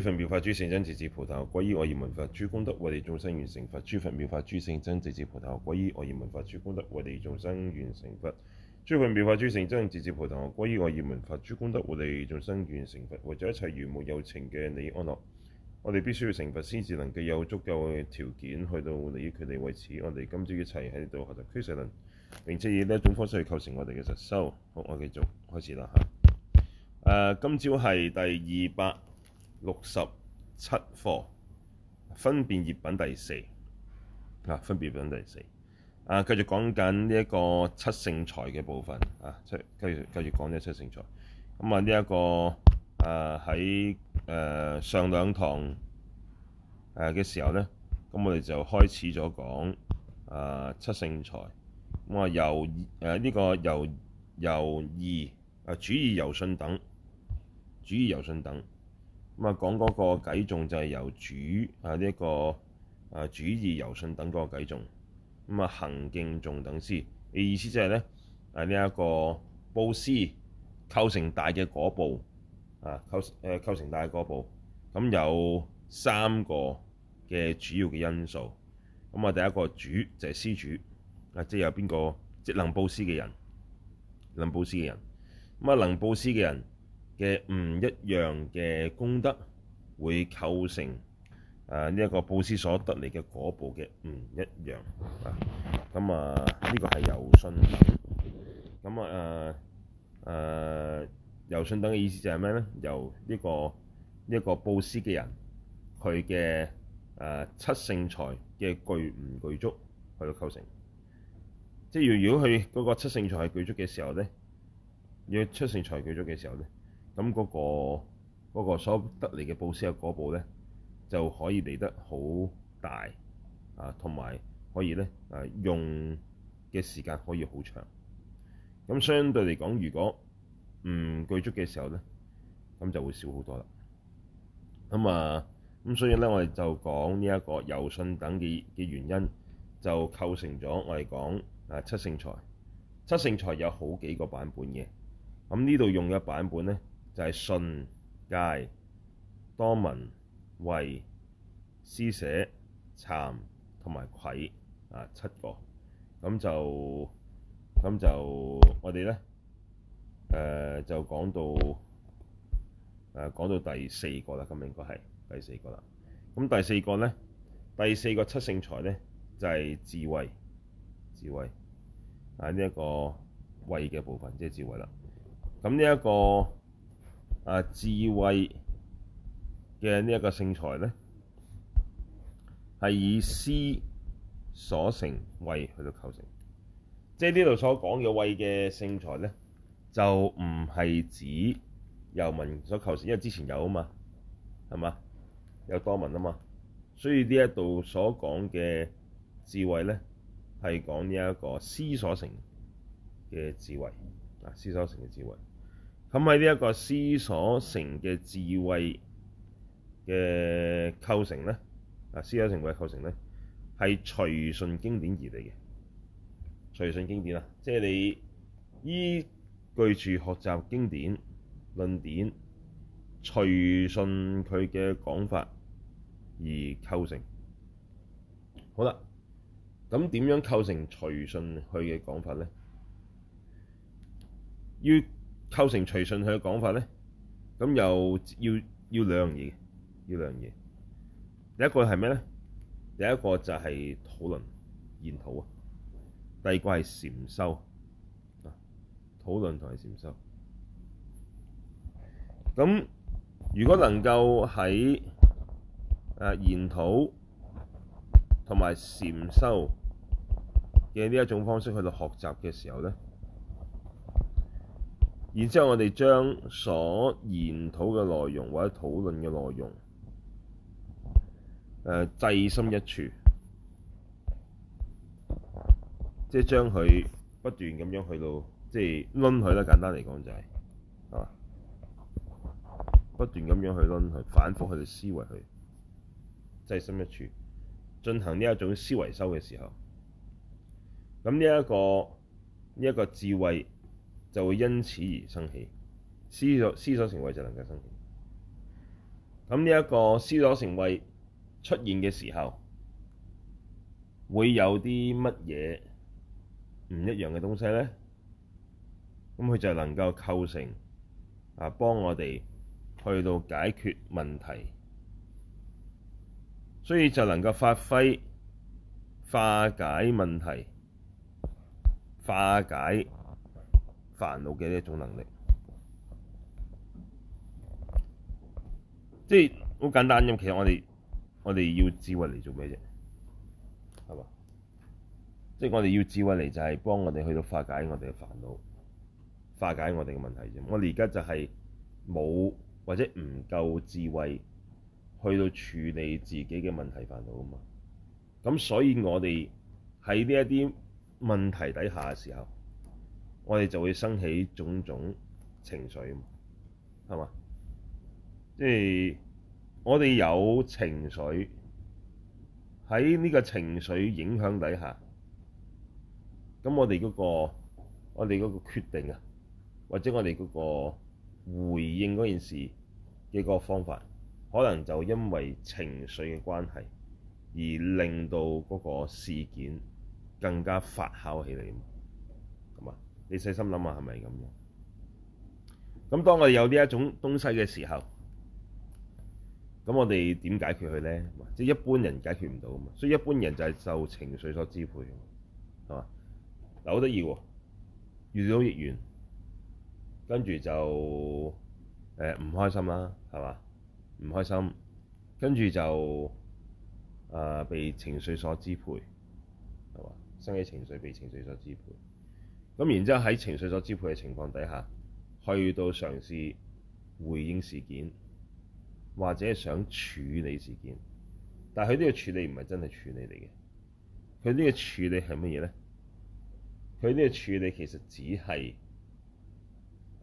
諸佛妙法諸，諸聖真字字菩提，歸依我而文法，諸功德為地眾生完成佛。諸佛妙法諸，諸聖真字字菩提，歸依我而文化諸功德為地眾生完成佛。諸佛妙法，諸聖真字字菩提，歸依我而文化諸功德為地眾生完成佛，為咗一切如母有情嘅利益安樂，我哋必須要成佛先至能夠有足夠嘅條件去到利益佢哋。為此，我哋今朝一齊喺度學習俱舍論，並且以呢一種方式去構成我哋嘅實修。好，我繼續開始啦。吓，誒，今朝係第二百。六十七課，分別業品第四啊，分別業品第四啊，繼續講緊呢一個七聖財嘅部分啊，出繼續繼續講呢七聖財咁啊，呢一、這個啊喺誒、啊、上兩堂誒嘅、啊、時候咧，咁我哋就開始咗講啊七聖財咁啊由誒呢、啊這個由由二啊主義由信等主義由信等。咁啊，講、這、嗰個偈頌就係由主啊呢一個啊主意由信等嗰個偈頌，咁啊行徑眾等師。嘅意思就係咧，啊呢一、這個布施構成大嘅果報啊構誒、啊、構成大嘅果報。咁、啊、有三個嘅主要嘅因素。咁啊，第一個主就係、是、施主啊，即係有邊個即能布施嘅人能布施嘅人，咁啊能布施嘅人。啊嘅唔一樣嘅功德會構成誒呢一個布施所得嚟嘅果報嘅唔一樣啊。咁啊，呢、這個係有信。咁啊誒由信等嘅、啊啊、意思就係咩咧？由呢、這個呢、這個布施嘅人佢嘅誒七聖財嘅具唔具足去到構成，即係如果佢嗰個七聖財係具足嘅時候咧，要七聖財具足嘅時候咧。咁嗰個嗰個所得嚟嘅布施嘅嗰步咧，就可以嚟得好大啊，同埋可以咧啊，用嘅時間可以好長。咁相對嚟講，如果唔具足嘅時候咧，咁就會少好多啦。咁啊，咁所以咧，我哋就講呢一個由信等嘅嘅原因，就構成咗我哋講啊七聖財。七聖財有好幾個版本嘅，咁呢度用嘅版本咧。就係信、戒、多聞、慧、施捨、慚同埋愧啊，七個咁就咁就我哋咧誒就講到誒、呃、講到第四個啦，咁應該係第四個啦。咁第四個咧，第四個七聖財咧就係、是、智慧、智慧啊呢一、這個慧嘅部分，即、就、係、是、智慧啦。咁呢一個啊！智慧嘅呢一個聖財咧，係以思所成慧去到構成，即係呢度所講嘅慧嘅聖財咧，就唔係指由聞所構成，因為之前有啊嘛，係嘛，有多聞啊嘛，所以呢一度所講嘅智慧咧，係講呢一個思所成嘅智慧啊，思所成嘅智慧。咁喺呢一個思所成嘅智慧嘅構成咧，啊思所成慧嘅構成咧，係隨順經典而嚟嘅，隨順經典啊，即係你依據住學習經典論典，隨順佢嘅講法而構成。好啦，咁點樣構成隨順佢嘅講法咧？要構成隨順佢嘅講法咧，咁又要要兩樣嘢，要兩樣嘢。第一個係咩咧？第一個就係討論、研討啊。第二個係禪修啊，討論同埋禪修。咁、啊啊、如果能夠喺誒、啊、研討同埋禪修嘅呢一種方式去度學習嘅時候咧，然之後，我哋將所研討嘅內容或者討論嘅內容，誒、呃，制心一處，即係將佢不斷咁樣去到，即係論佢啦。簡單嚟講就係，啊，不斷咁樣去論佢，反覆去思維去制心一處，進行呢一種思維修嘅時候，咁呢一個呢一、這個智慧。就會因此而生起，思所思所成慧就能夠生起。咁呢一個思所成慧出現嘅時候，會有啲乜嘢唔一樣嘅東西咧？咁佢就能夠構成啊，幫我哋去到解決問題，所以就能夠發揮化解問題、化解煩惱嘅一種能力，即係好簡單嘅。其實我哋我哋要智慧嚟做咩啫？係嘛？即係我哋要智慧嚟，就係幫我哋去到化解我哋嘅煩惱，化解我哋嘅問題啫。我哋而家就係冇或者唔夠智慧去到處理自己嘅問題煩惱啊嘛。咁所以我哋喺呢一啲問題底下嘅時候。我哋就會生起種種情緒，係嘛？即係我哋有情緒，喺呢個情緒影響底下，咁我哋嗰個我哋嗰個決定啊，或者我哋嗰個回應嗰件事嘅嗰個方法，可能就因為情緒嘅關係，而令到嗰個事件更加發酵起嚟，咁啊～你細心諗下，係咪咁樣？咁當我哋有呢一種東西嘅時候，咁我哋點解決佢咧？即係一般人解決唔到啊嘛。所以一般人就係受情緒所支配，係嘛？嗱，好得意喎，遇到逆緣，跟住就誒唔開心啦，係嘛？唔開心，跟住就誒被情緒所支配，係嘛？生起情緒，被情緒所支配。咁然之後喺情緒所支配嘅情況底下，去到嘗試回應事件，或者想處理事件，但係佢呢個處理唔係真係處理嚟嘅，佢呢個處理係乜嘢咧？佢呢個處理其實只係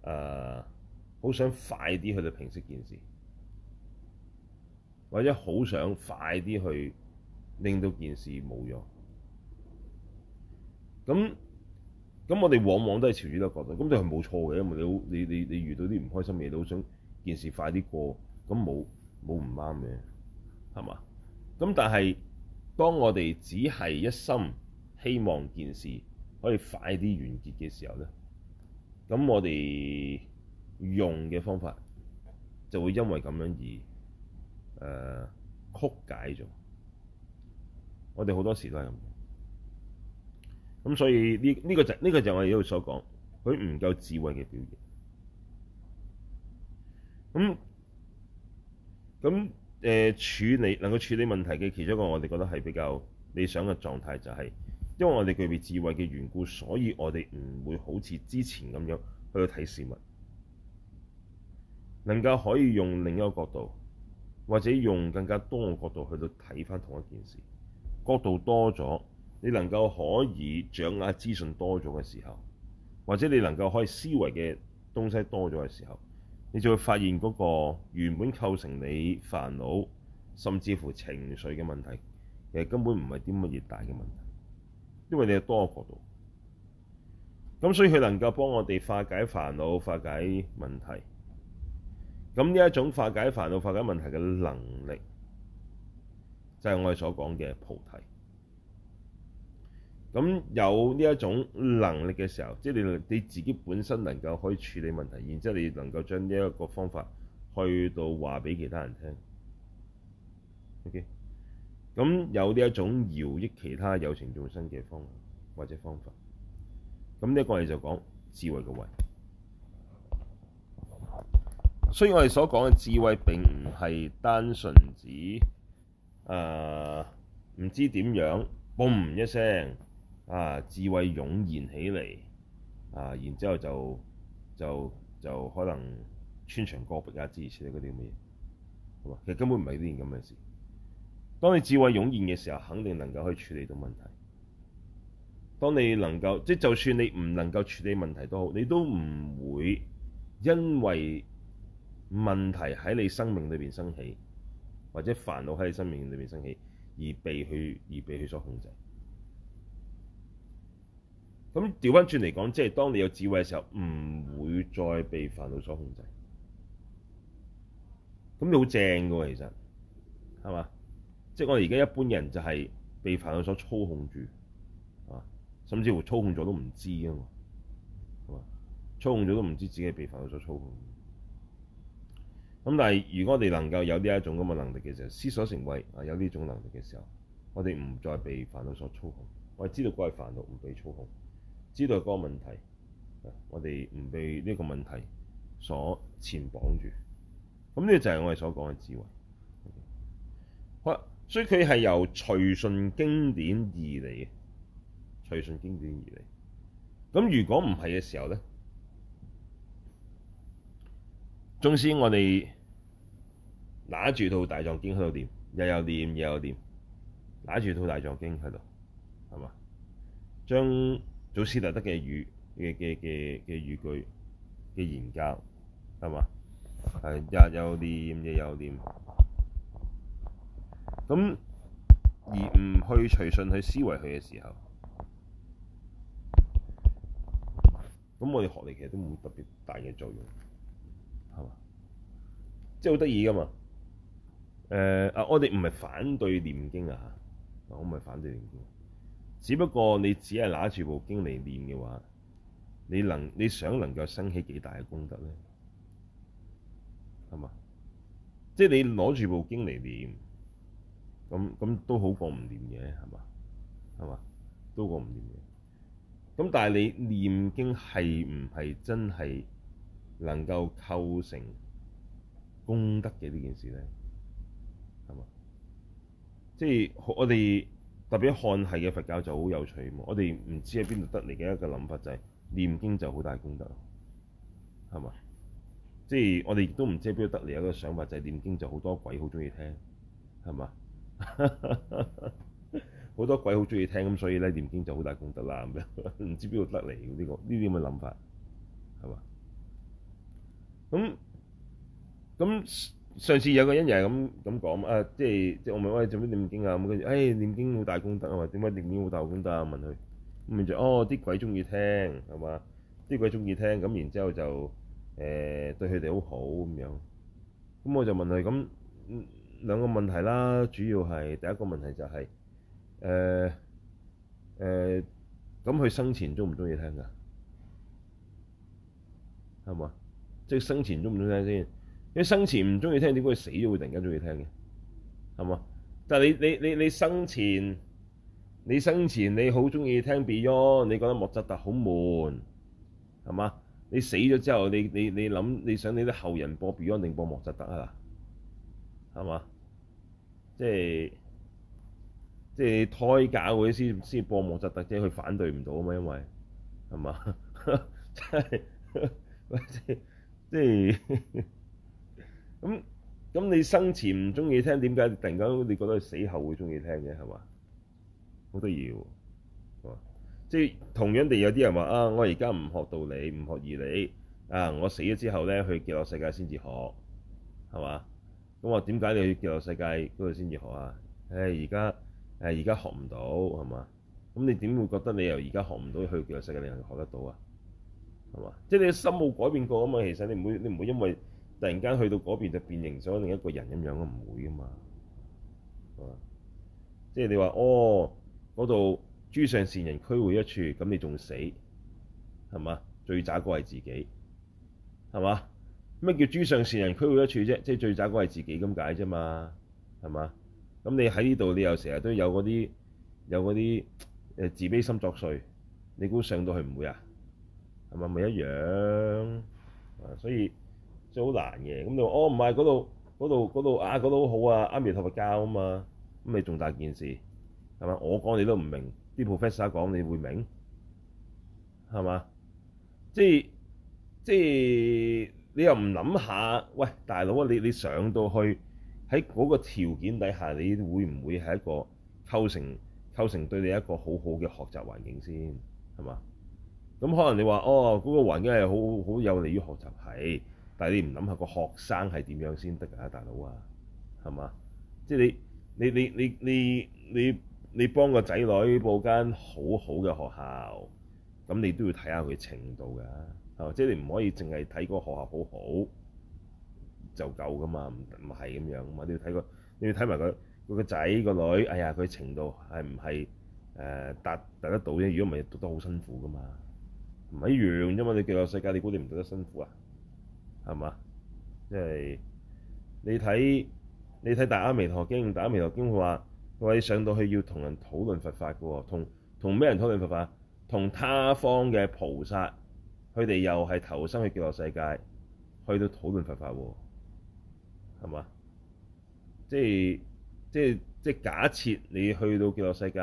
誒好想快啲去到平息件事，或者好想快啲去令到件事冇用。咁。咁我哋往往都係朝住呢個角度，咁都係冇錯嘅，因為你好，你你你，你遇到啲唔開心嘅嘢，都好想件事快啲過，咁冇冇唔啱嘅，係嘛？咁但係當我哋只係一心希望件事可以快啲完結嘅時候咧，咁我哋用嘅方法就會因為咁樣而誒、呃、曲解咗。我哋好多時都係咁。咁所以呢呢個就呢個就係我哋一度所講，佢唔夠智慧嘅表現。咁咁誒處理能夠處理問題嘅其中一個我哋覺得係比較理想嘅狀態，就是，就係因為我哋具備智慧嘅緣故，所以我哋唔會好似之前咁樣去到睇事物，能夠可以用另一個角度，或者用更加多個角度去到睇翻同一件事，角度多咗。你能夠可以掌握資訊多咗嘅時候，或者你能夠可以思維嘅東西多咗嘅時候，你就會發現嗰個原本構成你煩惱，甚至乎情緒嘅問題，其實根本唔係啲乜嘢大嘅問題，因為你有多個角度。咁所以佢能夠幫我哋化解煩惱、化解問題。咁呢一種化解煩惱、化解問題嘅能力，就係我哋所講嘅菩提。咁有呢一種能力嘅時候，即係你你自己本身能夠可以處理問題，然之後你能夠將呢一個方法去到話俾其他人聽。O K，咁有呢一種饒益其他有情眾生嘅方法或者方法，咁呢一個我哋就講智慧嘅慧。所以我哋所講嘅智慧並唔係單純指誒唔知點樣，嘣一聲。啊！智慧湧現起嚟，啊，然之後就就就可能穿牆過壁啊，之類似嗰啲咩嘢，其實根本唔係呢件咁嘅事。當你智慧湧現嘅時候，肯定能夠去處理到問題。當你能夠，即係就算你唔能夠處理問題都好，你都唔會因為問題喺你生命裏邊升起，或者煩惱喺你生命裏邊升起，而被佢而被佢所控制。咁調翻轉嚟講，即係當你有智慧嘅時候，唔會再被煩惱所控制。咁你好正㗎喎，其實係嘛？即係我哋而家一般人就係被煩惱所操控住啊，甚至乎操控咗都唔知㗎嘛。係嘛？操控咗都唔知自己係被煩惱所操控。咁但係如果我哋能夠有呢一種咁嘅能力嘅時候，思所成慧啊，有呢種能力嘅時候，我哋唔再被煩惱所操控，我係知道嗰係煩惱，唔被操控。知道嗰個問題，我哋唔被呢個問題所纏綁住，咁呢就係我哋所講嘅智慧。好，所以佢係由隨順經典而嚟嘅，隨順經典而嚟。咁如果唔係嘅時候咧，宗先我哋攬住套大藏經喺度唸，又有唸，又有唸，攬住套大藏經喺度，係嘛？將祖師大德嘅語嘅嘅嘅嘅語句嘅研究係嘛？係日有念夜有念，咁而唔去隨順去思維去嘅時候，咁我哋學嚟其實都冇特別大嘅作用係、就是、嘛即係好得意噶嘛誒啊我哋唔係反對念經啊，嗱我唔係反對念經、啊。只不過你只係拿住部經嚟念嘅話，你能你想能夠生起幾大嘅功德咧？係嘛？即係你攞住部經嚟念，咁咁都好過唔念嘅，係嘛？係嘛？都過唔念嘅。咁但係你念經係唔係真係能夠構成功德嘅呢件事咧？係嘛？即係我哋。特別漢系嘅佛教就好有趣，我哋唔知喺邊度得嚟嘅一個諗法就係念經就好大功德，係嘛？即係我哋亦都唔知喺邊度得嚟一個想法就係念經就好多鬼好中意聽，係嘛？好 多鬼好中意聽咁，所以咧念經就好大功德啦！咁樣唔知邊度得嚟呢個呢啲咁嘅諗法，係嘛？咁咁。上次有個恩人係咁咁講啊，即係即係我問，喂，做咩念經啊咁跟住，唉，念經好大功德啊，或點解念經好大功德啊？問佢咁跟住，哦，啲鬼中意聽係嘛？啲鬼中意聽咁然之後就誒對佢哋好好咁樣。咁我就問佢咁兩個問題啦，主要係第一個問題就係誒誒，咁佢生前中唔中意聽㗎？係嘛？即係生前中唔中意聽先？你生前唔中意聽，點解佢死咗會突然間中意聽嘅？係嘛？但係你你你你生前，你生前你生前你好中意聽 Beyond，你覺得莫扎特好悶係嘛？你死咗之後，你你你諗你想你啲後人播 Beyond 定播莫扎特啊？係嘛？即係即係胎教嗰啲先先播莫扎特啫，佢反對唔到啊嘛，因為係嘛，即係即係。 即係 即係 咁咁你生前唔中意聽，點解突然間你覺得你死後會中意聽嘅，係嘛？好得意喎，即係同樣地有啲人話啊，我而家唔學道理，唔學義理，啊我死咗之後咧去極樂世界先至學，係嘛？咁我點解你去極樂世界嗰度先至學啊？唉、哎，而家唉而家學唔到係嘛？咁你點會覺得你又而家學唔到去極樂世界你又學得到啊？係嘛？即係你心冇改變過啊嘛，其實你唔會你唔會因為。突然間去到嗰邊就變形咗另一個人咁樣，唔會噶嘛，即係你話哦，嗰度諸上善人俱會一處，咁你仲死係嘛？最渣個係自己，係嘛？咩叫諸上善人俱會一處啫？即係最渣個係自己咁解啫嘛，係嘛？咁你喺呢度你又成日都有嗰啲有嗰啲誒自卑心作祟，你估上到去唔會啊？係咪？咪一樣？所以。即好難嘅咁。你哦，唔係嗰度嗰度嗰度啊，嗰度好啊，阿咪頭髮膠啊嘛。咁你重大件事係咪？我講你都唔明，啲 professor 講你會明係嘛？即係即係你又唔諗下？喂，大佬啊，你你上到去喺嗰個條件底下，你會唔會係一個構成構成對你一個好好嘅學習環境先係嘛？咁、嗯、可能你話哦，嗰個環境係好好有利於學習係。但係你唔諗下個學生係點樣先得啊，大佬啊，係嘛？即係你你你你你你你，你幫個仔女報間好好嘅學校，咁你都要睇下佢程度㗎，係嘛？即係你唔可以淨係睇嗰個學校好好就夠噶嘛，唔唔係咁樣㗎嘛？你要睇個你要睇埋個個仔個女，哎呀佢程度係唔係誒達達得到啫？如果唔係讀得好辛苦㗎嘛，唔係一樣啫嘛？你叫限世界，你估你唔讀得辛苦啊？係嘛？即係你睇你睇《大阿彌陀經》，《大阿彌陀經》話：佢話你上到去要同人討論佛法嘅、哦，同同咩人討論佛法？同他方嘅菩薩，佢哋又係投身去極樂世界去到討論佛法喎、哦。係嘛？即係即係即係假設你去到極樂世界，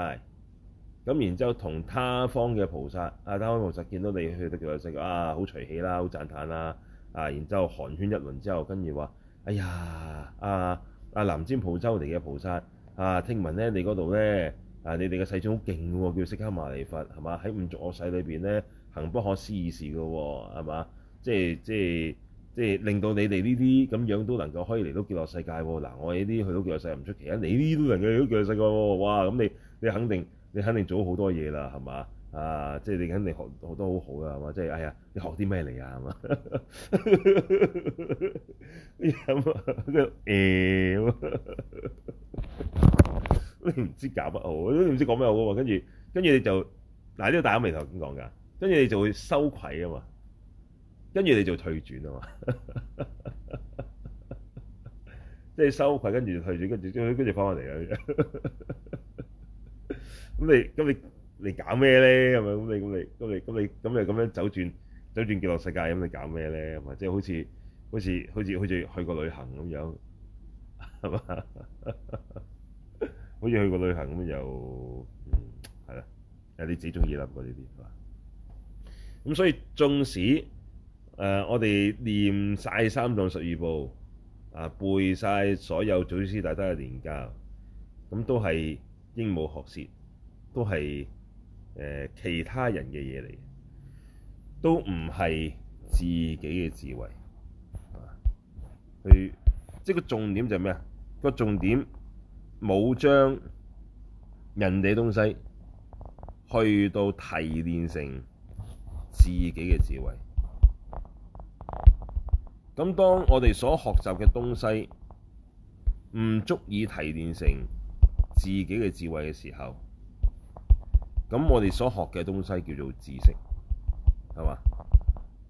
咁然之後同他方嘅菩薩啊，他方菩薩見到你去到極樂世界啊，好隨喜啦，好讚歎啦。啊，然之後寒暄一輪之後，跟住話：哎呀，阿阿南瞻部洲嚟嘅菩薩，啊，聽聞咧你嗰度咧，啊，你哋嘅世尊好勁喎，叫釋迦牟尼佛係嘛？喺五濁惡世裏邊咧，行不可思議事嘅喎，係嘛？即係即係即係令到你哋呢啲咁樣都能夠可以嚟到極樂世界喎。嗱、啊，我哋呢啲去到極樂世界唔出奇啊，你呢啲都能夠去到極樂世界喎、啊。哇，咁你你肯定你肯定做咗好多嘢啦，係嘛？啊，即係你肯定學學得好好啦，係嘛？即係哎呀，你學啲咩嚟啊？係嘛？咁 你唔知搞乜好，你唔知講咩好嘅，跟住跟住你就嗱呢個大媽眉頭咁講㗎？跟住你就會羞愧啊嘛，跟住你就退， 就退轉啊嘛，即係羞愧跟住退轉，跟住跟住跟住翻返嚟啊！咁你咁你。你搞咩咧？係咪咁你咁你咁你咁你咁你咁樣走轉走轉幾落世界，咁你搞咩咧？咁啊，即係好似好似好似好似去過旅行咁樣，係嘛？ 好似去過旅行咁，又嗯係啦，有啲自己中意啦，嗰啲啲咁，所以縱使誒、呃、我哋念晒三藏十二部啊、呃，背晒所有祖師大德嘅言教，咁都係鸚鵡學舌，都係。其他人嘅嘢嚟，都唔係自己嘅智慧，即係個重點就係咩啊？個重點冇將人哋東西去到提煉成自己嘅智慧。咁當我哋所學習嘅東西唔足以提煉成自己嘅智慧嘅時候。咁我哋所學嘅東西叫做知識，係嘛？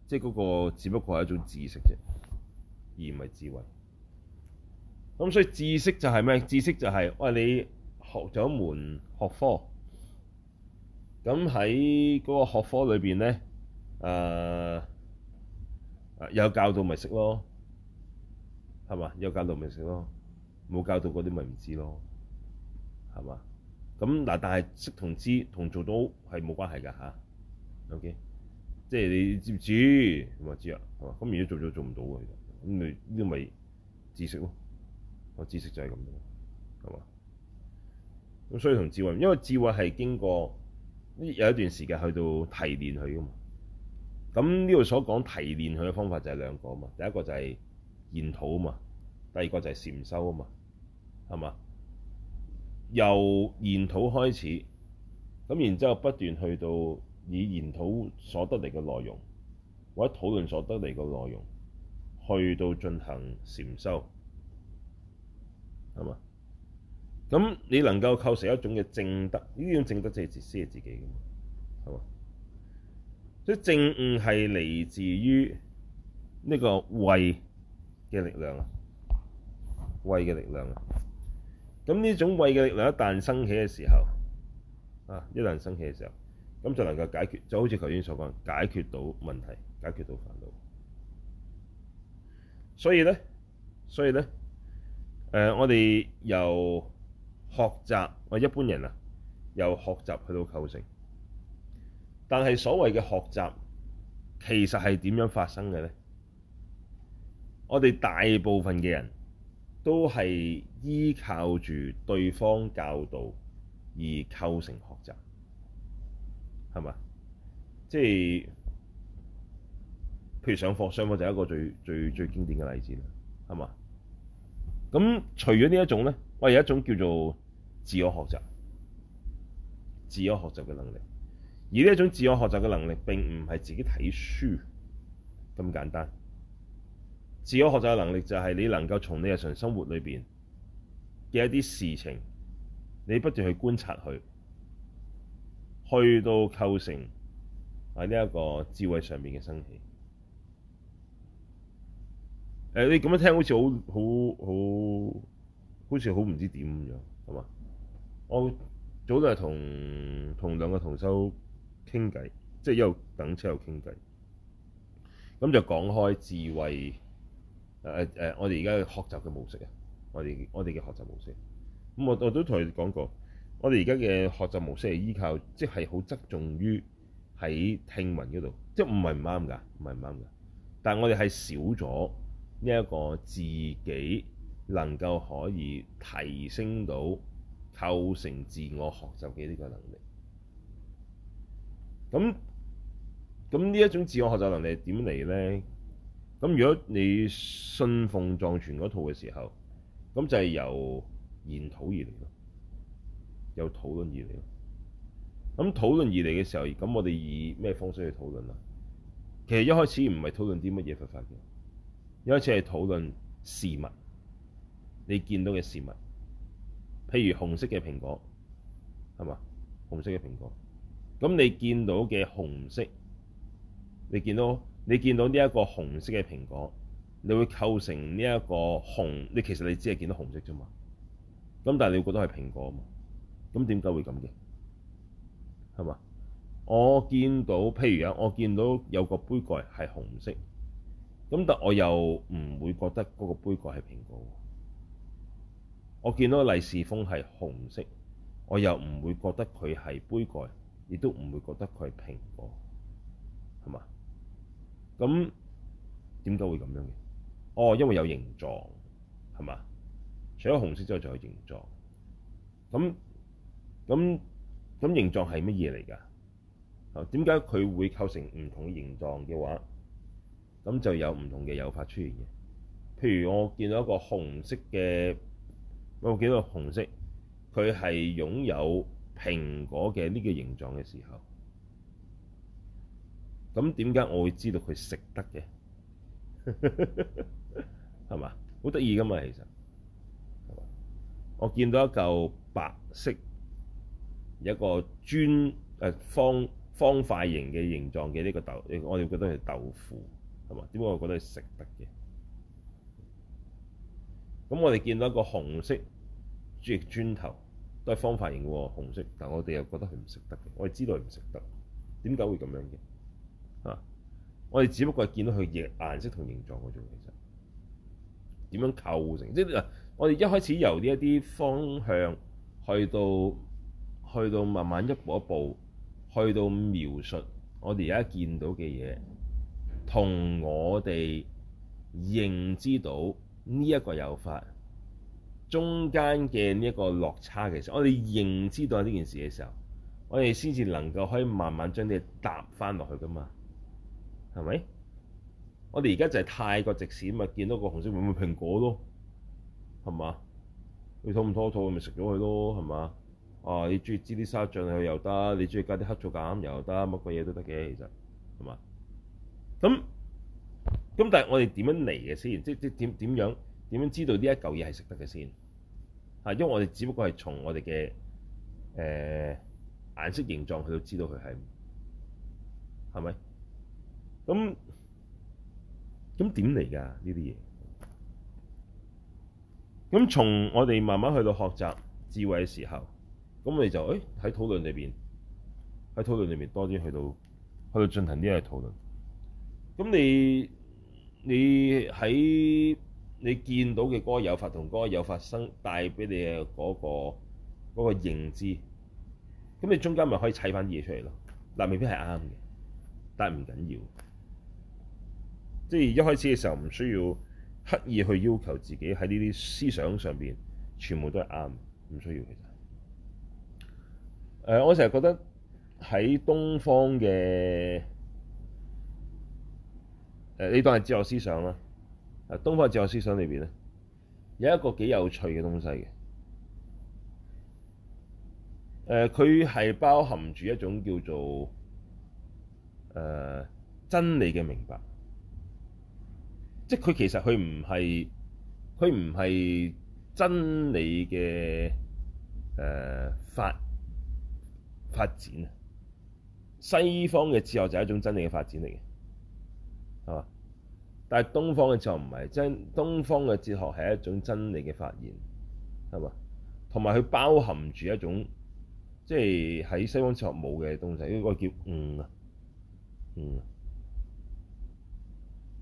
即係嗰個，只不過係一種知識啫，而唔係智慧。咁所以知識就係咩？知識就係：喂你學咗門學科，咁喺嗰個學科裏邊咧，誒有教導咪識咯，係嘛？有教導咪識咯，冇教導嗰啲咪唔知咯，係嘛？咁嗱、嗯，但係識同知同做到係冇關係㗎嚇、啊，OK，即係你知唔知，我知啦、啊，係嘛？咁如果做咗做唔到㗎，其實咁你呢個咪知識咯，個知識就係咁咯，係嘛？咁所以同智慧，因為智慧係經過有一段時間去到提煉佢噶嘛。咁呢度所講提煉佢嘅方法就係兩個啊嘛，第一個就係研討啊嘛，第二個就係禪修啊嘛，係嘛？由研討開始，咁然之後不斷去到以研討所得嚟嘅內容，或者討論所得嚟嘅內容，去到進行禪修，係嘛？咁你能夠構成一種嘅證得，呢種證得就係自私係自己嘅嘛，係嘛？所以證悟係嚟自於呢個慧嘅力量啊，慧嘅力量啊！咁呢種慧嘅力量一旦升起嘅時候，啊，一旦升起嘅時候，咁就能夠解決，就好似頭先所講，解決到問題，解決到煩惱。所以咧，所以咧，誒，我哋由學習，我一般人啊，由學習去到構成，但係所謂嘅學習，其實係點樣發生嘅咧？我哋大部分嘅人。都係依靠住對方教導而構成學習，係嘛？即係譬如上課，上課就係一個最最最經典嘅例子啦，係嘛？咁除咗呢一種咧，我有一種叫做自我學習，自我學習嘅能力。而呢一種自我學習嘅能力並唔係自己睇書咁簡單。自我學習能力就係你能夠從你日常生活裏邊嘅一啲事情，你不斷去觀察佢，去到構成喺呢一個智慧上面嘅升起。誒、呃，你咁樣聽好似好好好好似好唔知點咁樣，係嘛？我早就係同同兩個同修傾偈，即係一路等車又傾偈，咁就講開智慧。誒誒、呃呃，我哋而家嘅學習嘅模式啊，我哋我哋嘅學習模式，咁、嗯、我我都同你講過，我哋而家嘅學習模式係依靠，即係好側重於喺聽聞嗰度，即係唔係唔啱㗎，唔係唔啱㗎，但係我哋係少咗呢一個自己能夠可以提升到構成自我學習嘅呢個能力。咁咁呢一種自我學習能力係點嚟咧？咁如果你信奉藏傳嗰套嘅時候，咁就係由研討而嚟咯，由討論而嚟。咁討論而嚟嘅時候，咁我哋以咩方式去討論啊？其實一開始唔係討論啲乜嘢佛法嘅，一開始係討論事物，你見到嘅事物，譬如紅色嘅蘋果，係嘛？紅色嘅蘋果，咁你見到嘅紅色，你見到。你見到呢一個紅色嘅蘋果，你會構成呢一個紅。你其實你只係見到紅色啫嘛。咁但係你會覺得係蘋果嘛？咁點解會咁嘅？係嘛？我見到譬如啊，我見到有個杯蓋係紅色，咁但我又唔會覺得嗰個杯蓋係蘋果。我見到利是封係紅色，我又唔會覺得佢係杯蓋，亦都唔會覺得佢係蘋果，係嘛？咁點解會咁樣嘅？哦，因為有形狀，係嘛？除咗紅色之外，仲有形狀。咁咁咁形狀係乜嘢嚟㗎？啊，點解佢會構成唔同嘅形狀嘅話，咁就有唔同嘅誘法出現嘅。譬如我見到一個紅色嘅，我見到個紅色，佢係擁有蘋果嘅呢個形狀嘅時候。咁點解我會知道佢食得嘅係嘛？好得意㗎嘛！其實係嘛？我見到一嚿白色一個磚誒、啊、方方塊形嘅形狀嘅呢個豆，我哋覺得係豆腐係嘛？點解我覺得係食得嘅？咁我哋見到一個紅色即係磚頭都係方塊形嘅喎，紅色，但我哋又覺得佢唔食得嘅。我哋知道係唔食得，點解會咁樣嘅？我哋只不過係見到佢嘅顏色同形狀嗰種，其實點樣構成？即係我哋一開始由呢一啲方向去到去到慢慢一步一步去到描述我哋而家見到嘅嘢，同我哋認知到呢一個有法中間嘅呢一個落差嘅時候，我哋認知到呢件事嘅時候，我哋先至能夠可以慢慢將啲嘢搭翻落去噶嘛。係咪？我哋而家就係泰過直線，咪見到個紅色咪咪蘋果咯，係嘛？你肚唔妥妥咪食咗佢咯，係嘛？啊，你中意知啲沙醬去又得，你中意加啲黑醋減又得，乜鬼嘢都得嘅，其實係嘛？咁咁，但係我哋點樣嚟嘅先？即即點點樣？點樣知道呢一嚿嘢係食得嘅先？嚇！因為我哋只不過係從我哋嘅誒顏色形狀，去到知道佢係，係咪？咁咁點嚟㗎？呢啲嘢咁從我哋慢慢去到學習智慧嘅時候，咁我哋就誒喺、欸、討論裏邊喺討論裏邊多啲去到去到進行啲嘅討論。咁你你喺你見到嘅嗰個有法同嗰個有發生帶俾你嘅嗰、嗰個嗰、嗰個、認知，咁你中間咪可以砌翻啲嘢出嚟咯。嗱，未必係啱嘅，但係唔緊要。即係一開始嘅時候，唔需要刻意去要求自己喺呢啲思想上邊，全部都係啱，唔需要其實。誒、呃，我成日覺得喺東方嘅誒呢種嘅自由思想啦，啊，東方嘅自由思想裏邊咧有一個幾有趣嘅東西嘅。誒、呃，佢係包含住一種叫做誒、呃、真理嘅明白。即係佢其實，佢唔係佢唔係真理嘅誒、呃、發發展啊！西方嘅哲學就係一種真理嘅發展嚟嘅，係嘛？但係東方嘅哲學唔係真，即係東方嘅哲學係一種真理嘅發現，係嘛？同埋佢包含住一種即係喺西方哲學冇嘅東西，呢個叫悟啊，悟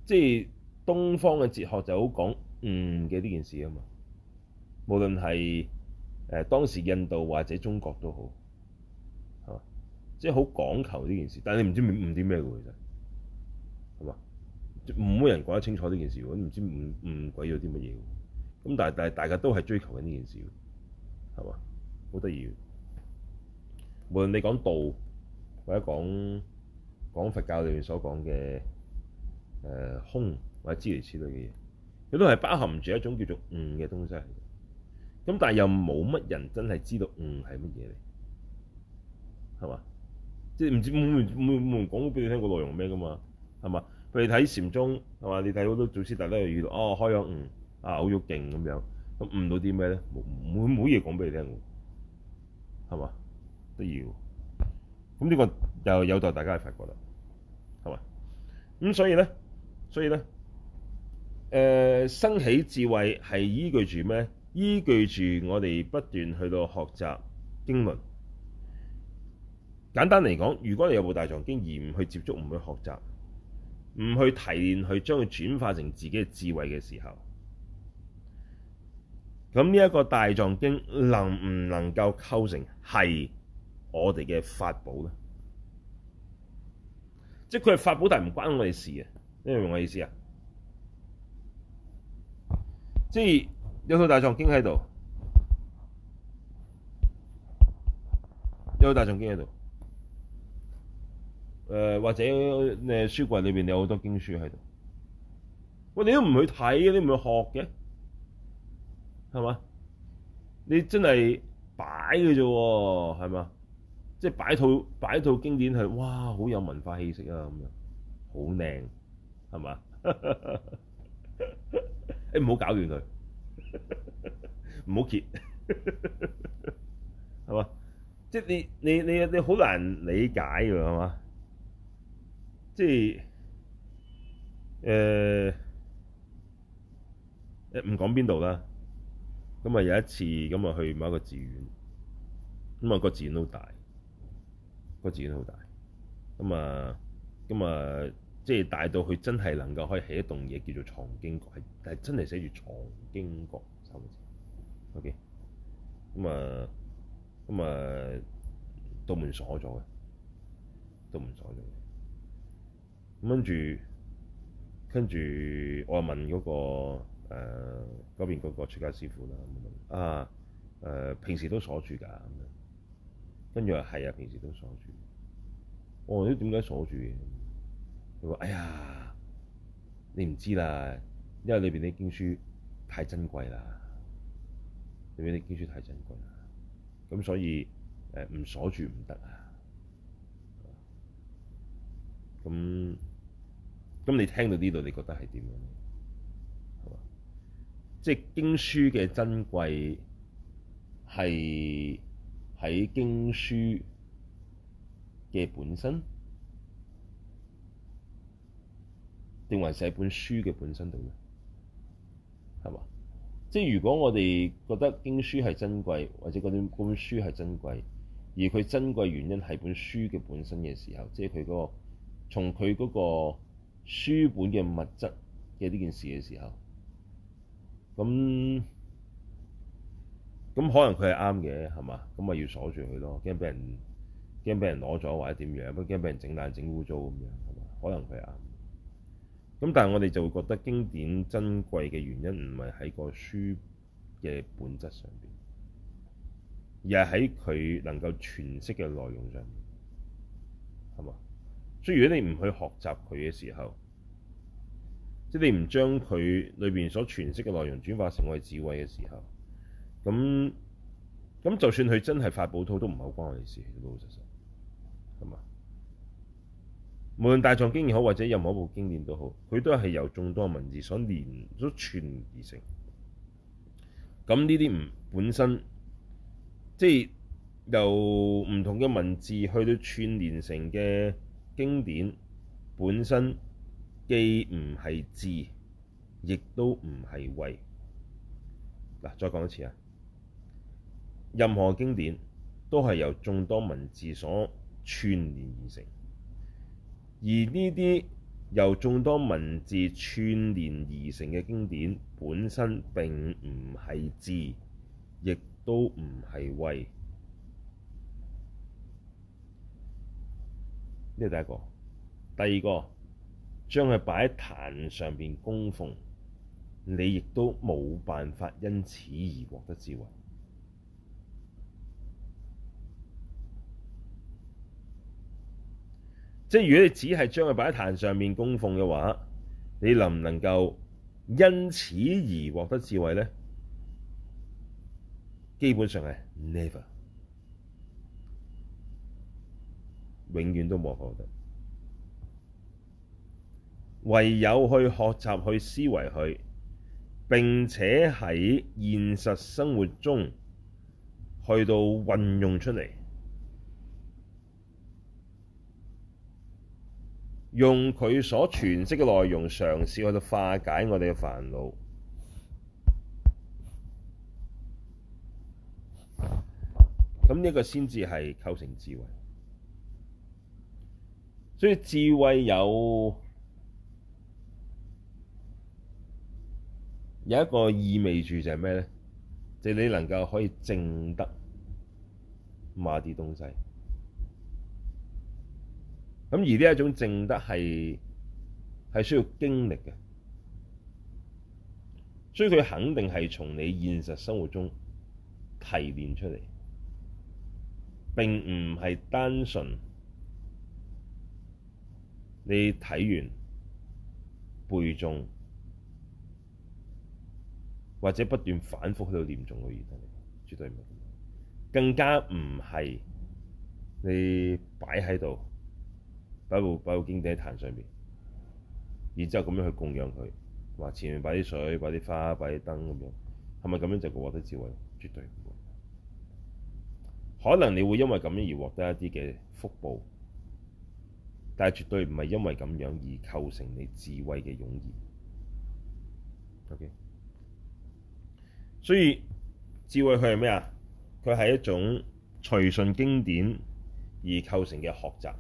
即係。東方嘅哲學就好講悟嘅呢件事啊嘛，無論係誒、呃、當時印度或者中國都好，係嘛？即係好講求呢件事。但係你唔知悟啲咩嘅其實，係嘛？冇乜人講得清楚呢件事喎？都唔知悟悟鬼咗啲乜嘢，咁但係但係大家都係追求緊呢件事，係嘛？好得意嘅，無論你講道或者講講佛教裏面所講嘅誒、呃、空。或者之類之類嘅嘢，佢都係包含住一種叫做悟嘅東西。咁但係又冇乜人真係知道悟係乜嘢嚟，係嘛？即係唔知冇冇冇人講過俾你聽個內容咩㗎嘛？係嘛？譬如睇禪宗係嘛？你睇好多祖師大德遇到哦，開咗悟啊，偶喐勁咁樣。咁悟到啲咩咧？冇冇嘢講俾你聽㗎，係嘛？都要喎。咁呢個又有待大家去發覺啦，係嘛？咁所以咧，所以咧。誒、呃、生起智慧係依據住咩？依據住我哋不斷去到學習經文。簡單嚟講，如果你有部大藏經而唔去接觸，唔去學習，唔去提煉，去將佢轉化成自己嘅智慧嘅時候，咁呢一個大藏經能唔能夠構成係我哋嘅法寶呢？即係佢係法寶，但係唔關我哋事嘅。你明唔明我意思啊？即係有套大藏經喺度，有套大藏經喺度，誒、呃、或者誒、呃、書櫃裏邊有好多經書喺度，喂，你都唔去睇，你唔去學嘅，係嘛？你真係擺嘅啫，係嘛？即係擺套擺套經典係，哇，好有文化氣息啊，咁樣，好靚，係嘛？ 誒唔好搞亂佢，唔好結，係 嘛？即係你你你你好難理解㗎，係嘛？即係誒誒唔講邊度啦。咁、呃、啊有一次咁啊去某一個寺院，咁、咁、啊個寺院都大，嗰個寺院好大。咁啊咁啊。嗰個即係大到佢真係能夠可以起一棟嘢叫做藏經閣，係真係寫住藏經閣三個字。O.K. 咁、嗯、啊，咁、嗯、啊，都、嗯、門鎖咗嘅，都門鎖咗嘅。咁跟住，跟住我又問嗰、那個誒嗰、呃、邊嗰個出家師傅啦，啊誒、呃，平時都鎖住㗎。跟住話係啊，平時都鎖住。我話點解鎖住嘅？佢話：哎呀，你唔知啦，因為裏邊啲經書太珍貴啦，裏邊啲經書太珍貴啦，咁所以誒唔鎖住唔得啊。咁，咁你聽到呢度，你覺得係點樣咧？係嘛？即係、就是、經書嘅珍貴係喺經書嘅本身。認為寫本書嘅本身度嘅，係嘛？即係如果我哋覺得經書係珍貴，或者嗰啲本書係珍貴，而佢珍貴原因係本書嘅本身嘅時候，即係佢嗰個從佢嗰個書本嘅物質嘅呢件事嘅時候，咁咁可能佢係啱嘅，係嘛？咁咪要鎖住佢咯，驚俾人，驚俾人攞咗或者點樣，不驚俾人整爛、整污糟咁樣，係嘛？可能佢係啱。咁但係我哋就會覺得經典珍貴嘅原因唔係喺個書嘅本質上邊，而係喺佢能夠詮釋嘅內容上面。係嘛？所以如果你唔去學習佢嘅時候，即係你唔將佢裏邊所詮釋嘅內容轉化成我哋智慧嘅時候，咁咁就算佢真係法寶套都唔係好關我哋事，老老實實，係嘛？無論大藏經也好，或者任何一部經典都好，佢都係由眾多文字所連所串而成。咁呢啲唔本身，即係由唔同嘅文字去到串連成嘅經典，本身既唔係智，亦都唔係慧嗱。再講一次啊，任何經典都係由眾多文字所串連而成。而呢啲由眾多文字串連而成嘅經典，本身並唔係智，亦都唔係慧。呢係第一個，第二個將佢擺喺壇上邊供奉，你亦都冇辦法因此而獲得智慧。即係如果你只係將佢擺喺壇上面供奉嘅話，你能唔能夠因此而獲得智慧咧？基本上係 never，永遠都冇可能。唯有去學習、去思維、去並且喺現實生活中去到運用出嚟。用佢所詮釋嘅內容嘗試，嘗試去度化解我哋嘅煩惱。咁呢個先至係構成智慧。所以智慧有有一個意味住就係咩咧？就係、是、你能夠可以證得某啲東西。咁而呢一種正德係係需要經歷嘅，所以佢肯定係從你現實生活中提煉出嚟，並唔係單純你睇完背誦，或者不斷反覆去到念誦嘅嘢嚟，絕對唔係，更加唔係你擺喺度。擺部擺部經典喺壇上面，然之後咁樣去供養佢，話前面擺啲水，擺啲花，擺啲燈咁樣，係咪咁樣就會獲得智慧？絕對唔會。可能你會因為咁樣而獲得一啲嘅福報，但係絕對唔係因為咁樣而構成你智慧嘅湧現。OK，所以智慧佢係咩啊？佢係一種隨順經典而構成嘅學習。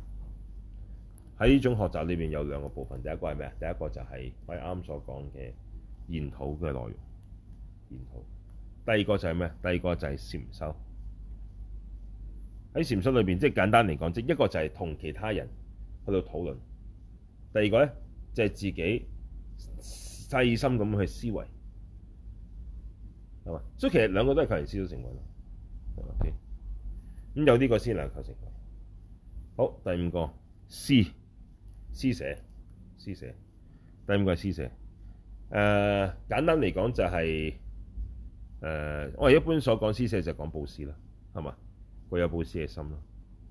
喺呢種學習裏邊有兩個部分，第一個係咩？第一個就係我哋啱所講嘅研討嘅內容，研討。第二個就係咩？第二個就係禪修。喺禪修裏邊，即係簡單嚟講，即一個就係同其他人喺度討論，第二個咧就係、是、自己細心咁去思維，係嘛？所以其實兩個都係求人思修成嘅。O K，咁有呢個先能夠成。好，第五個施。C. 施捨，施捨，第五個係施捨。誒、呃，簡單嚟講就係、是，誒、呃，我哋一般所講施捨就係講布施啦，係嘛，具有布施嘅心啦，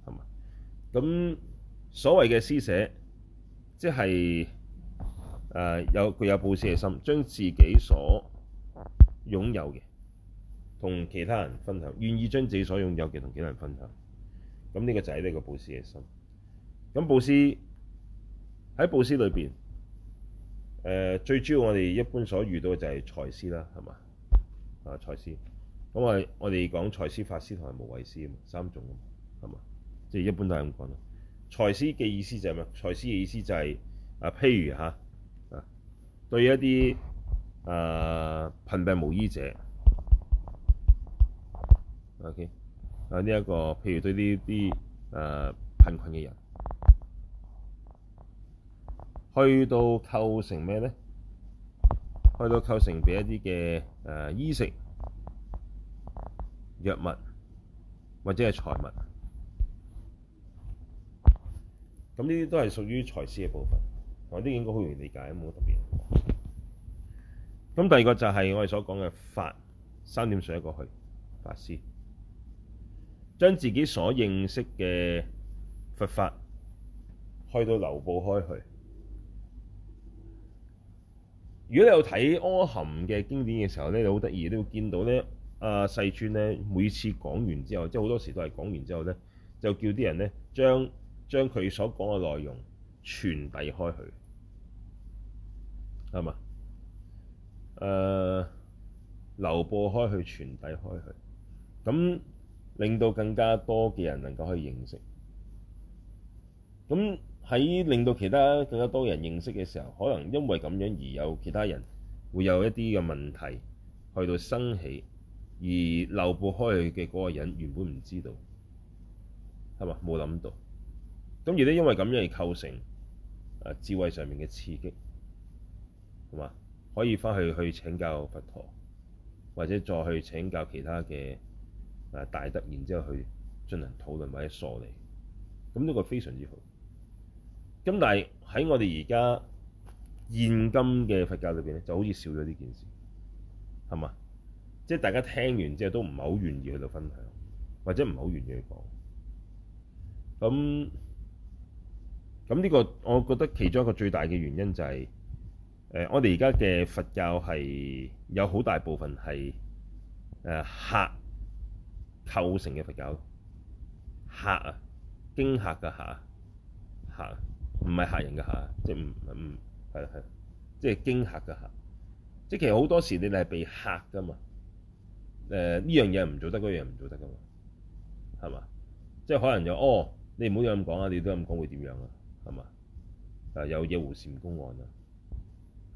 係嘛。咁所謂嘅施捨，即係誒、呃、有具有布施嘅心，將自己所擁有嘅同其他人分享，願意將自己所擁有嘅同其他人分享。咁呢個就係呢個布施嘅心。咁布施。喺布施裏邊，誒、呃，最主要我哋一般所遇到嘅就係財施啦，係嘛？啊，財施，咁啊，我哋講財施、法施、同埋無畏施啊，三種，係嘛？即係、就是、一般都係咁講咯。財施嘅意思就係咩？財施嘅意思就係、是、啊，譬如吓啊，對一啲啊貧病無依者，ok，啊呢一、這個，譬如對呢啲啊貧困嘅人。去到構成咩咧？去到構成畀一啲嘅，誒衣食藥物或者係財物，咁呢啲都係屬於財施嘅部分。嗰啲應該好容易理解，冇特別。咁第二個就係我哋所講嘅法，三點水一個去，法施，將自己所認識嘅佛法開到流布開去。如果你有睇阿含嘅經典嘅時候咧，你好得意都會見到咧，啊細串咧每次講完之後，即係好多時都係講完之後咧，就叫啲人咧將將佢所講嘅內容傳遞開去，係嘛？誒流播開去傳遞開去，咁令到更加多嘅人能夠去認識，咁。喺令到其他更加多人認識嘅時候，可能因為咁樣而有其他人會有一啲嘅問題去到生起，而流布開去嘅嗰個人原本唔知道，係嘛？冇諗到，咁而咧因為咁樣而構成智慧上面嘅刺激，係嘛，可以翻去去請教佛陀，或者再去請教其他嘅大德，然之後去進行討論或者梳理，咁、這、呢個非常之好。咁但係喺我哋而家現今嘅佛教裏邊咧，就好似少咗呢件事，係嘛？即係大家聽完之後都唔係好願意去度分享，或者唔好願意去講。咁咁呢個，我覺得其中一個最大嘅原因就係、是、誒、呃，我哋而家嘅佛教係有好大部分係誒、呃、客構成嘅佛教，客啊，驚客嘅客，客。唔係嚇人嘅嚇，即係唔唔係係，即係驚嚇嘅嚇、呃。即係其實好多時你哋係被嚇嘅嘛。誒呢樣嘢唔做得，嗰樣唔做得嘅嘛，係嘛？即係可能又哦，你唔好咁講啊！你都咁講會點樣啊？係嘛？啊，有野狐禪公案啊，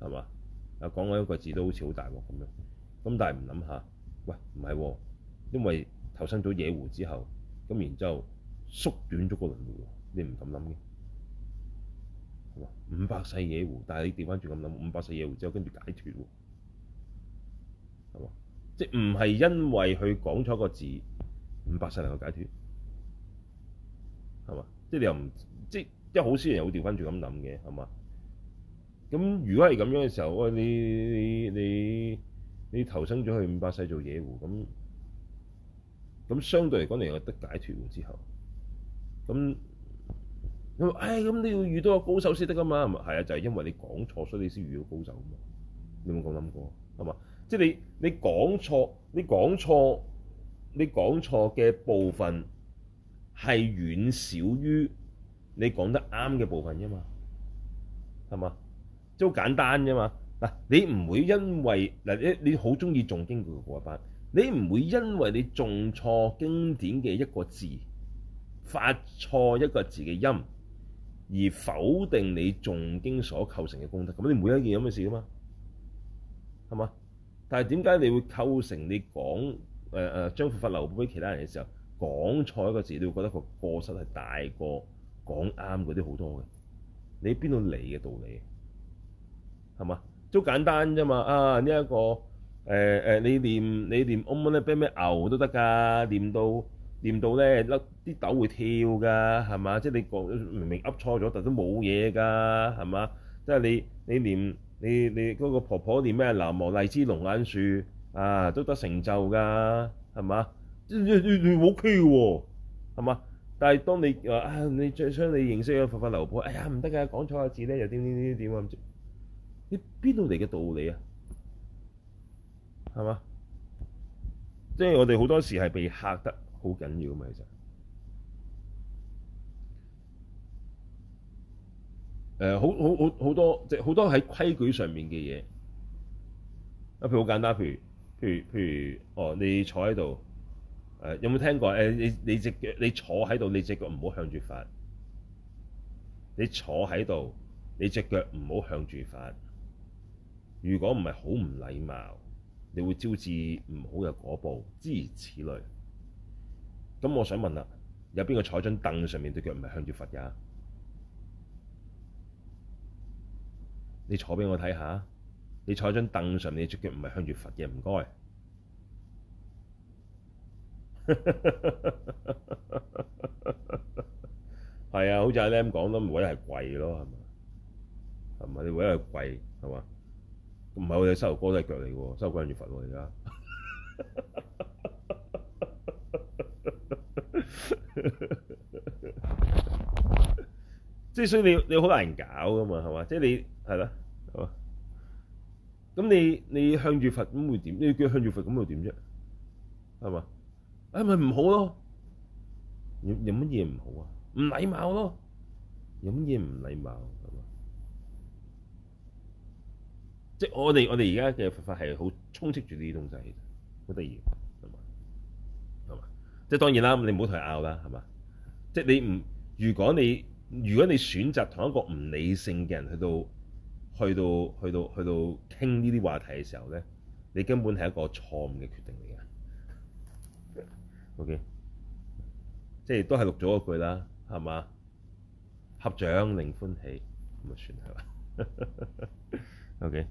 係嘛？啊，講緊一個字都好似好大鑊咁樣。咁但係唔諗下，喂唔係，因為投身咗野狐之後，咁然之後縮短咗個輪迴，你唔敢諗嘅。五百世野狐，但係你調翻轉咁諗，五百世野狐之後跟住解脱喎，係嘛？即係唔係因為佢講錯個字，五百世能夠解脱，係嘛？即係你又唔，即係好少人又會調翻轉咁諗嘅，係嘛？咁如果係咁樣嘅時候，喂、哎，你你你你投生咗去五百世做野狐，咁咁相對嚟講，你又得解脫咗之後，咁。咁誒咁，哎、你要遇到個高手先得㗎嘛？係啊，就係、是、因為你講錯，所以你先遇到高手㗎嘛。你有冇咁諗過？係嘛？即係你你講錯，你講錯，你講錯嘅部分係遠少於你講得啱嘅部分啫嘛？係、就是、嘛？即係好簡單啫嘛嗱。你唔會因為嗱你你好鍾意重經典嘅嗰一班，你唔會因為你重錯經典嘅一個字，發錯一個字嘅音。而否定你眾經所構成嘅功德，咁你每一件咁嘅事啊嘛，係嘛？但係點解你會構成你講誒誒、呃、將佛法流布俾其他人嘅時候，講錯一個字，你會覺得個過失係大過講啱嗰啲好多嘅？你邊度嚟嘅道理係嘛？都簡單啫嘛啊！呢、這、一個誒誒、呃呃，你念你念嗡嗡咧，俾咩牛都得㗎，念到。念到咧，甩啲豆會跳㗎，係嘛？即係你講明明噏錯咗，但都冇嘢㗎，係嘛？即係你你念你你嗰個婆婆念咩？南無荔枝龍眼樹啊，都得成就㗎，係嘛？即即即即冇 K 喎，係嘛？但係當你話啊，你將你認識嘅佛佛流布，哎呀唔得㗎，講錯個字咧又點點點點啊唔知，你邊度嚟嘅道理啊？係嘛？即係我哋好多時係被嚇得。好緊要嘛？其實誒，好好好好多，即係好多喺規矩上面嘅嘢。啊，譬如好簡單，譬如譬如譬如，哦，你坐喺度誒，有冇聽過？誒、呃，你你隻腳你坐喺度，你隻腳唔好向住佛。你坐喺度，你隻腳唔好向住佛。如果唔係，好唔禮貌，你會招致唔好嘅果報。諸如此類。咁我想問啦，有邊個坐張凳上面對腳唔係向住佛嘅？你坐俾我睇下，你坐張凳上面隻腳唔係向住佛嘅，唔該。係啊，好似阿 Lam 講都唯一係跪咯，係咪？係咪？你唯一係跪係嘛？唔係，我哋膝頭哥都係腳嚟嘅喎，膝頭哥向住佛喎，啊，而家。 即係所以你你好難搞噶嘛，係嘛？即係你係啦，係嘛？咁你你向住佛咁會點？你叫向住佛咁會點啫？係嘛？係咪唔好咯？有有乜嘢唔好啊？唔禮貌咯？有乜嘢唔禮貌？係嘛？即係我哋我哋而家嘅佛法係好充斥住呢啲東西，好得意。即係當然啦，你唔好同佢拗啦，係嘛？即係你唔，如果你如果你選擇同一個唔理性嘅人去到去到去到去到傾呢啲話題嘅時候咧，你根本係一個錯誤嘅決定嚟嘅。OK，即係都係錄咗嗰句啦，係嘛？合掌令歡喜咁啊算，係嘛？OK，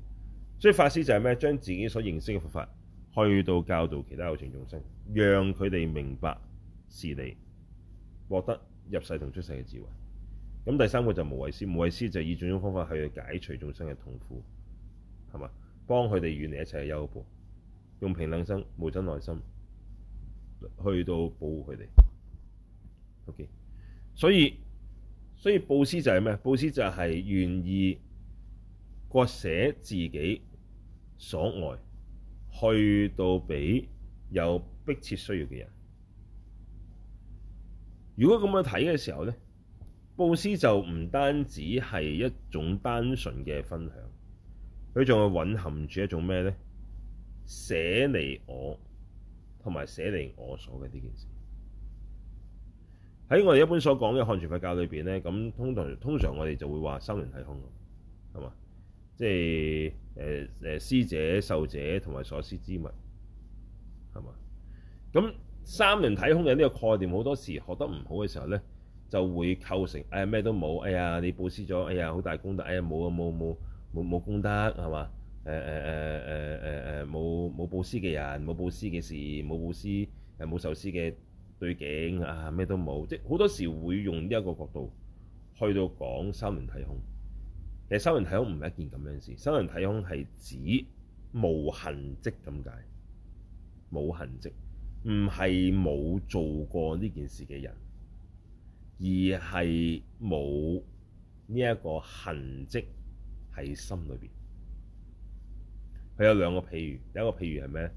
所以法師就係咩？將自己所認識嘅佛法去到教導其他有情眾生。讓佢哋明白事理，獲得入世同出世嘅智慧。咁第三個就無畏施，無畏施就以種種方法去解除眾生嘅痛苦，係嘛？幫佢哋遠離一切嘅憂怖，用平等心、無憎愛心去到保護佢哋。OK，所以所以布施就係咩？布施就係願意割捨自己所愛，去到俾。有迫切需要嘅人，如果咁樣睇嘅時候咧，布施就唔單止係一種單純嘅分享，佢仲係藴含住一種咩咧？捨離我同埋捨離我所嘅呢件事。喺我哋一般所講嘅漢傳佛教裏邊咧，咁通常通常我哋就會話三輪體空，係嘛？即係誒誒施者、受者同埋所施之物。係嘛？咁三輪體空嘅呢個概念，好多時學得唔好嘅時候咧，就會構成誒咩、哎、都冇。哎呀，你佈施咗，哎呀，好大功德。哎呀，冇啊冇冇冇冇功德係嘛？誒誒誒誒誒誒冇冇佈施嘅人，冇佈施嘅事，冇佈施誒冇受施嘅對境啊，咩、哎、都冇。即係好多時會用呢一個角度去到講三輪體空。其實三輪體空唔係一件咁樣事，三輪體空係指無痕跡咁解。冇痕跡，唔係冇做過呢件事嘅人，而係冇呢一個痕跡喺心裏邊。佢有兩個譬如，有一個譬如係咩？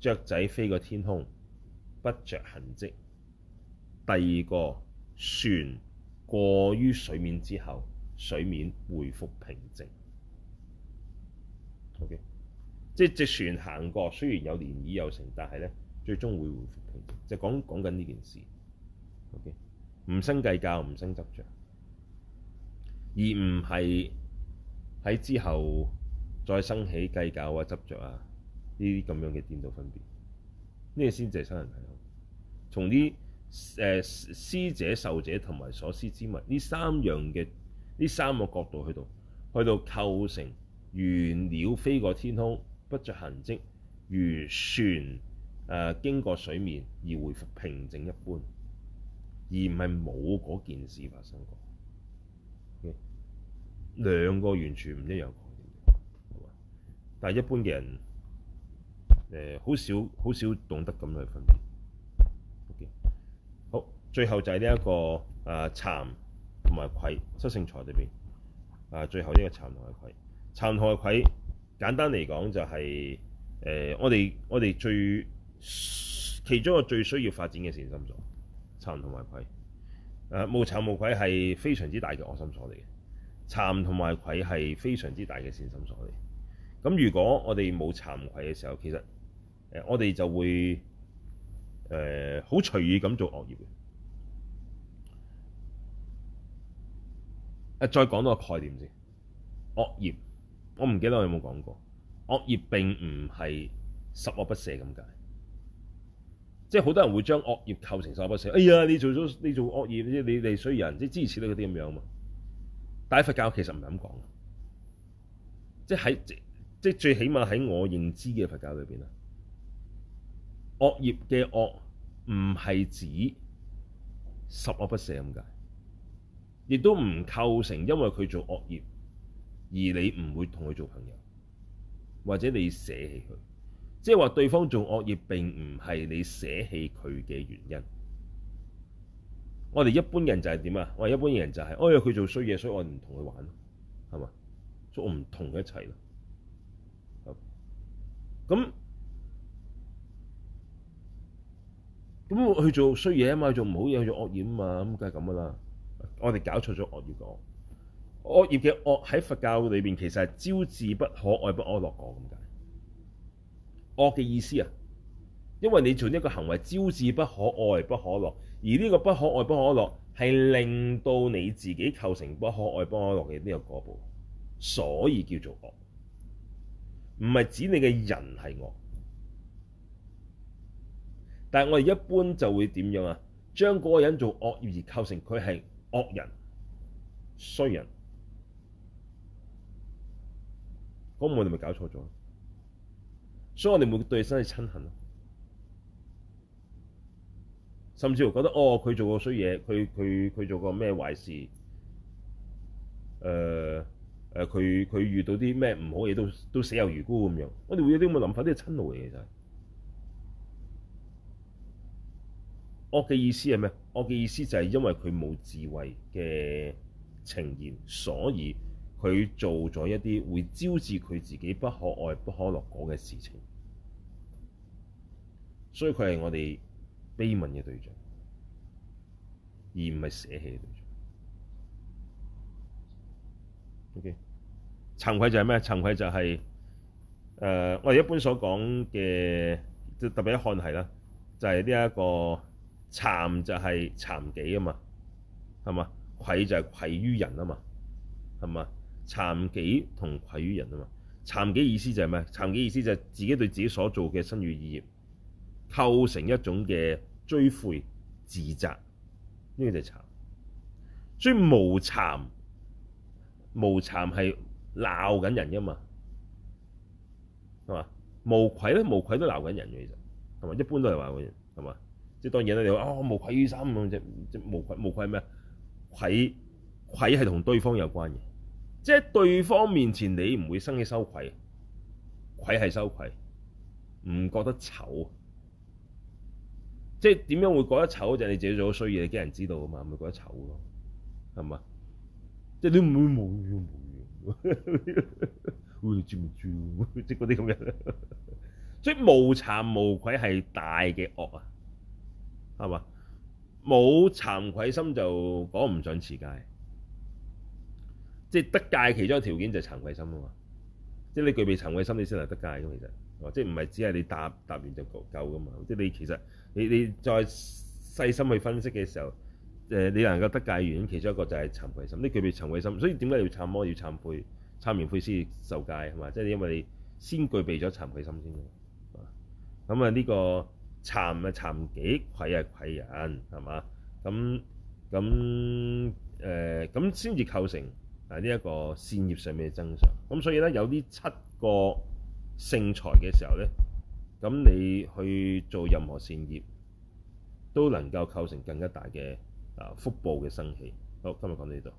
雀仔飛過天空，不着痕跡。第二個，船過於水面之後，水面恢復平靜。OK。即係隻船行過，雖然有漣漪有成，但係咧最終會回復平靜。就講講緊呢件事。OK，唔生計較，唔生執着，而唔係喺之後再生起計較啊、執着啊呢啲咁樣嘅顛倒分別。呢個先至係修行。從啲誒施者、受者同埋所施之物呢三樣嘅呢三個角度去到去到構成原料飛過天空，不着痕跡，如船誒、呃、經過水面而回復平靜一般，而唔係冇嗰件事發生過。OK，兩個完全唔一樣，係嘛？但係一般嘅人好、呃、少好少懂得咁去分辨。Okay? 好，最後就係呢一個誒、呃、慚同埋愧。七聖財裏邊啊、呃，最後一個慚同埋愧，慚同埋愧。簡單嚟講就係、是、誒、呃，我哋我哋最其中一個最需要發展嘅善心所，慚同埋愧。誒、呃，無慚無愧係非常之大嘅惡心所嚟嘅，慚同埋愧係非常之大嘅善心所嚟。咁、呃、如果我哋冇慚愧嘅時候，其實誒、呃、我哋就會誒好、呃、隨意咁做惡業嘅。誒、呃，再講多個概念先，惡業。我唔記得我有冇講過，惡業並唔係十惡不赦咁解，即係好多人會將惡業構成十惡不赦。哎呀，你做咗你做惡業，即係你哋衰人即係支持你嗰啲咁樣啊嘛。但係佛教其實唔係咁講，即係喺即係最起碼喺我認知嘅佛教裏邊啊，惡業嘅惡唔係指十惡不赦咁解，亦都唔構成因為佢做惡業。而你唔會同佢做朋友，或者你捨棄佢，即係話對方做惡業，並唔係你捨棄佢嘅原因。我哋一般人就係點啊？我哋一般人就係、是，哎佢做衰嘢，所以我唔同佢玩咯，係嘛，所以我唔同佢一齊咯。咁咁佢做衰嘢啊嘛，做唔好嘢，做惡業啊嘛，咁梗係咁噶啦。我哋搞錯咗惡業講。惡業嘅惡喺佛教裏邊，其實係招致不可愛不可樂我咁解。惡嘅意思啊，因為你做呢個行為招致不可愛不可樂，而呢個不可愛不可樂係令到你自己構成不可愛不可樂嘅呢個果報，所以叫做惡。唔係指你嘅人係惡，但係我哋一般就會點樣啊？將嗰個人做惡業而構成佢係惡人、衰人。所以我哋咪搞錯咗，所以我哋會對身係親恨咯，甚至乎覺得哦，佢做過衰嘢，佢佢佢做過咩壞事，誒誒，佢佢、呃呃、遇到啲咩唔好嘢都都死有餘辜咁樣，我哋會有啲咁嘅諗法，啲親路嚟嘅，就係惡嘅意思係咩？惡嘅意思就係因為佢冇智慧嘅呈現，所以。佢做咗一啲會招致佢自己不可愛、不可樂果嘅事情，所以佢係我哋悲憫嘅對象，而唔係捨棄嘅對象。O、okay? K，慚愧就係咩？慚愧就係、是、誒、呃，我哋一般所講嘅，特別喺漢傳啦，就係呢一個慚就係慚己啊嘛，係嘛？愧就係愧於人啊嘛，係嘛？慚己同愧於人啊嘛，慚己意思就係咩？慚己意思就係自己對自己所做嘅身語意業構成一種嘅追悔自責，呢個就係慚。所以無慚無慚係鬧緊人噶嘛，係嘛？無愧咧，無愧都鬧緊人嘅，其實係嘛？一般都係話嗰樣係嘛？即係當然啦，你話啊無愧於心啊，即即無愧無愧咩？愧愧係同對方有關嘅。即係對方面前，你唔會生起羞愧，愧係羞愧，唔覺得醜。即係點樣會覺得醜？就係你自己做好衰嘢，驚人知道啊嘛，咪覺得醜咯，係嘛？即係你唔會無緣無故，會住唔住，即嗰啲咁樣。 所以無慚無愧係大嘅惡啊，係嘛？冇慚愧心就講唔上持戒。即係得戒其中一個條件就係慚愧心啊嘛！即係你具備慚愧心，你先能得戒嘅。其實哦，即係唔係只係你答答完就夠夠噶嘛？即係你其實你你再細心去分析嘅時候，誒，你能夠得戒原因，其中一個就係慚愧心。你具備慚愧心，所以點解要懺摩，要懺悔，懺完悔先受戒，係嘛？即係因為你先具備咗慚愧心先嘅。咁啊，呢個慚啊慚己，愧啊愧人，係嘛？咁咁誒咁先至構成係呢一個善業上面嘅增長，咁所以咧有呢七個聖財嘅時候咧，咁你去做任何善業，都能夠構成更加大嘅啊、呃、福報嘅生起。好，今日講到呢度。